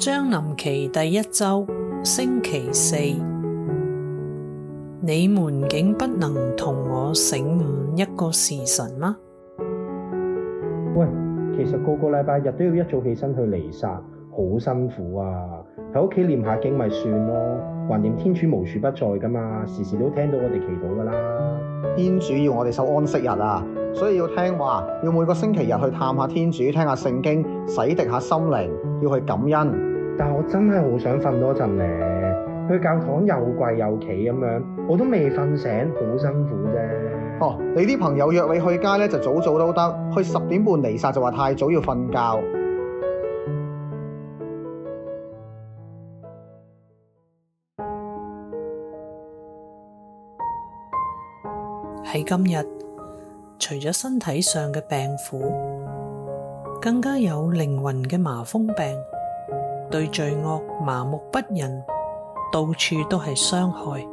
將臨期第一周星期四，你們竟不能同我醒寤一個時辰嗎？喂，其實個個禮拜日都要一早起身去彌撒，好辛苦啊！喺屋企念下經咪算咯，橫掂天主無處不在噶嘛，時時都聽到我哋祈禱噶啦。天主要我哋守安息日啊，所以要聽話，要每個星期日去探下天主，聽下聖經，洗滌下心靈，要去感恩。但我真係好想瞓多陣呢，去教堂又跪又企咁樣，我都未瞓醒，好辛苦啫。哦，你啲朋友約你去街呢，就早早都得，去十點半彌撒就話太早要瞓覺。喺今日，除咗身體上嘅病苦，更加有靈魂嘅麻風病。對罪惡麻木不仁，到處都係傷害。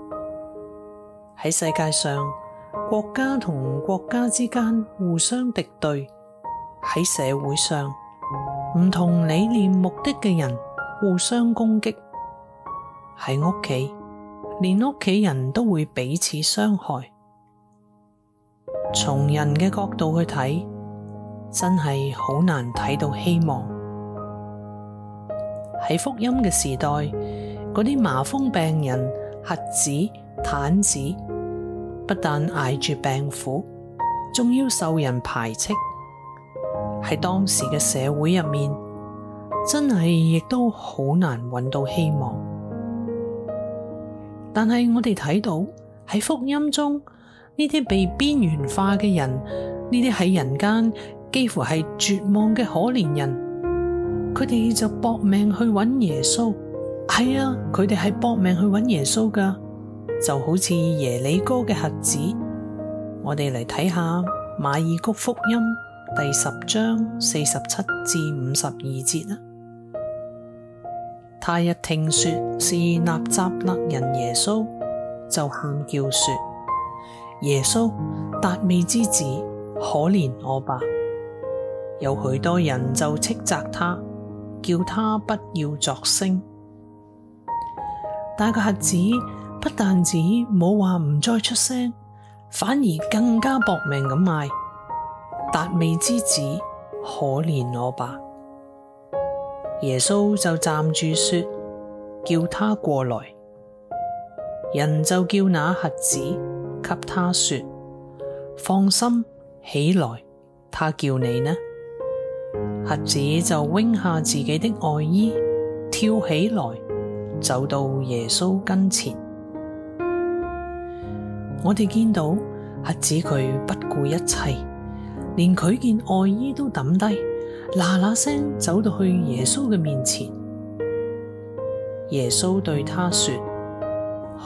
喺世界上，國家同國家之間互相敵對；喺社會上，唔同理念目的嘅人互相攻擊；喺屋企，連屋企人都會彼此傷害。從人嘅角度去睇，真係好難睇到希望。喺福音嘅時代，嗰啲麻風病人、瞎子、癱子，不但捱住病苦，仲要受人排斥，喺當時嘅社會入面，真係亦都好難搵到希望。但係我哋睇到喺福音中，呢啲被邊緣化嘅人，呢啲喺人間幾乎係絕望嘅可憐人。佢哋就搏命去揾耶穌，係啊！佢哋係搏命去揾耶穌噶，就好似耶里哥嘅瞎子。我哋嚟睇下馬爾谷福音第十章四十七至五十二節啦。他一聽說是納匝肋人耶穌，就喊叫說：耶穌，達味之子，可憐我吧！有許多人就斥責他。叫他不要作聲，但個瞎子不但止冇話唔再出聲，反而更加搏命咁嗌。達味之子，可憐我吧！耶穌就站住說，叫他過來。人就叫那瞎子，給他說：放心起來，他叫你呢。瞎子就扔下自己的外衣，跳起來走到耶穌跟前。我哋見到瞎子佢不顧一切，連佢件外衣都抌低，嗱嗱聲走到去耶穌嘅面前。耶穌對他說：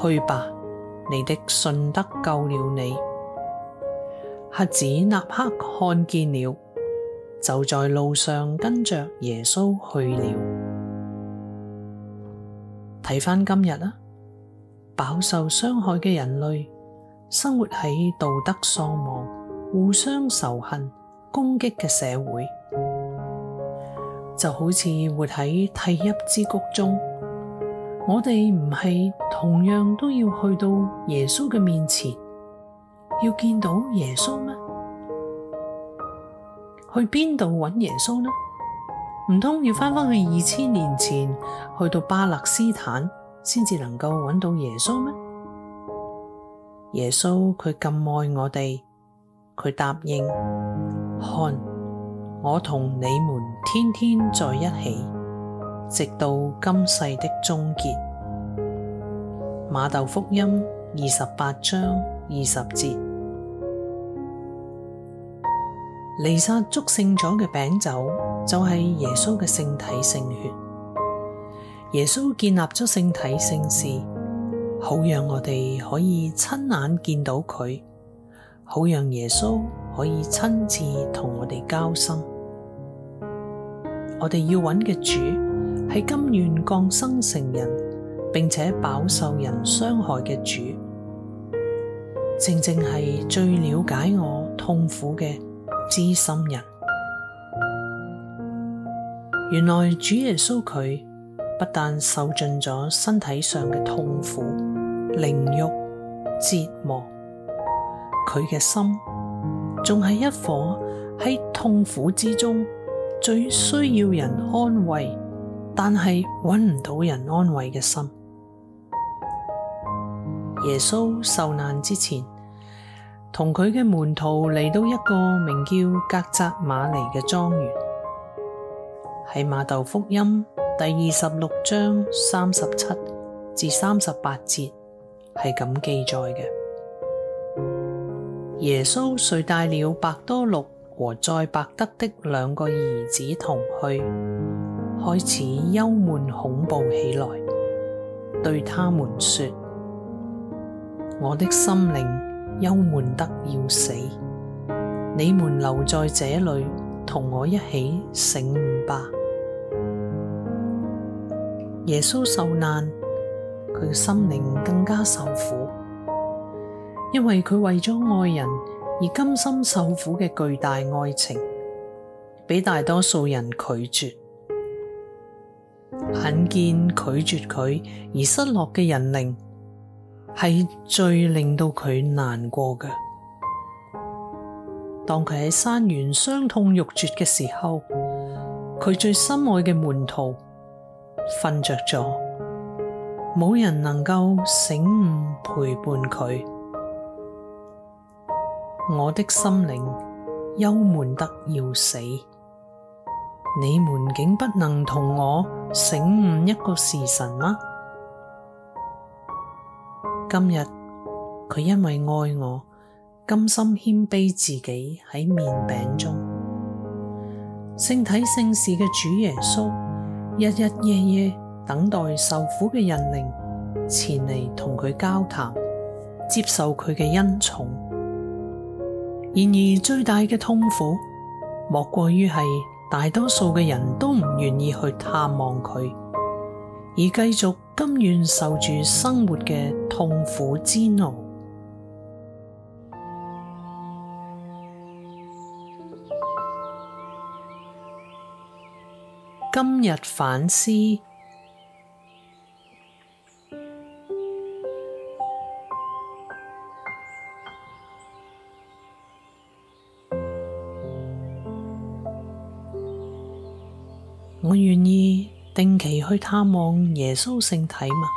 去吧，你的信德救了你。瞎子立刻看見了。就在路上跟着耶穌去了。睇翻今日啦，飽受傷害嘅人類，生活喺道德喪亡、互相仇恨、攻擊嘅社會，就好似活喺涕泣之谷中。我哋唔係同樣都要去到耶穌嘅面前，要見到耶穌咩？去邊度揾耶穌呢？唔通要翻返去二千年前，去到巴勒斯坦先至能夠揾到耶穌咩？耶穌佢咁愛我哋，佢答應，看我同你們天天在一起，直到今世的終結。瑪竇福音二十八章二十節。彌撒祝聖咗嘅餅酒就係耶穌嘅聖體聖血，耶穌建立咗聖體聖事，好讓我哋可以親眼見到佢，好讓耶穌可以親自同我哋交心。我哋要揾嘅主係甘願降生成人，並且飽受人傷害嘅主，正正係最了解我痛苦嘅。知心人，原來主耶穌佢不但受盡咗身體上嘅痛苦、凌辱、折磨，佢嘅心仲係一顆喺痛苦之中最需要人安慰，但係揾唔到人安慰嘅心。耶穌受難之前，同佢嘅門徒嚟到一個名叫革責瑪尼嘅莊園，喺《瑪竇福音》第二十六章三十七至三十八節係咁記載嘅。耶穌遂帶了伯多祿和載伯德的兩個兒子同去，開始憂悶恐怖起來，對他們說：我的心靈。憂悶得要死，你們留在這裏同我一起醒寤吧。耶穌受難，佢嘅心靈更加受苦，因為佢為咗愛人而甘心受苦嘅巨大愛情，俾大多數人拒絕。眼見拒絕佢而失落嘅人靈。係最令到佢難過嘅。當佢喺山園傷痛欲絕嘅時候，佢最心愛嘅門徒瞓着咗，冇人能夠醒寤陪伴佢。我的心靈憂悶得要死，你們竟不能同我醒寤一個時辰嗎？今日佢因為愛我，甘心謙卑自己喺麵餅中，聖體聖事嘅主耶穌日日夜夜等待受苦嘅人靈前嚟同佢交談，接受佢嘅恩寵。然而最大嘅痛苦，莫過於係大多數嘅人都唔願意去探望佢。而繼續甘願受住生活嘅痛苦煎熬。今日反思，我願意。定期去探望耶穌聖體嗎？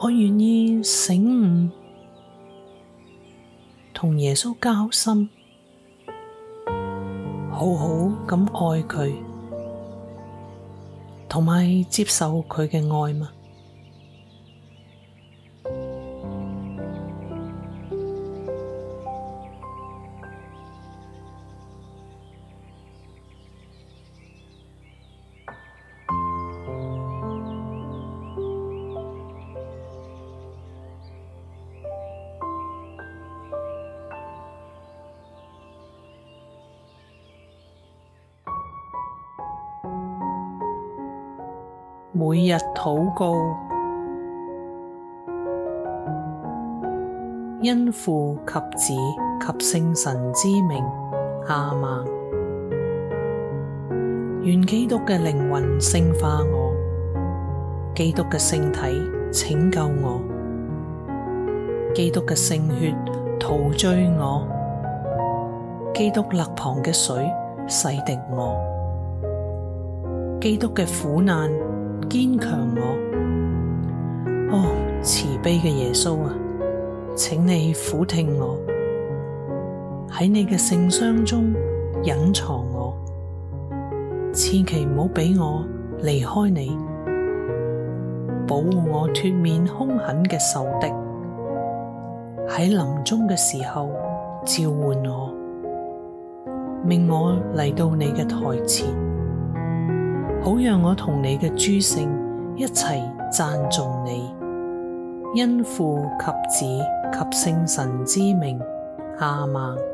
我願意醒寤同耶穌交心，好好咁愛佢，同埋接受佢嘅愛嗎？每日禱告，因父及子及聖神之名，亞孟。願基督嘅靈魂聖化我，基督嘅聖體拯救我，基督嘅聖血陶醉我，基督肋旁嘅水洗滌我，基督嘅苦難。堅強我，哦，慈悲嘅耶穌啊，請你俯聽我，喺你嘅聖傷中隱藏我，千祈唔好俾我離開你，保護我脫免兇狠嘅仇敵，喺臨終嘅時候召喚我，命我嚟到你嘅台前。好讓我同你嘅諸聖一齊讚頌你，因父及子及聖神之名，亞孟。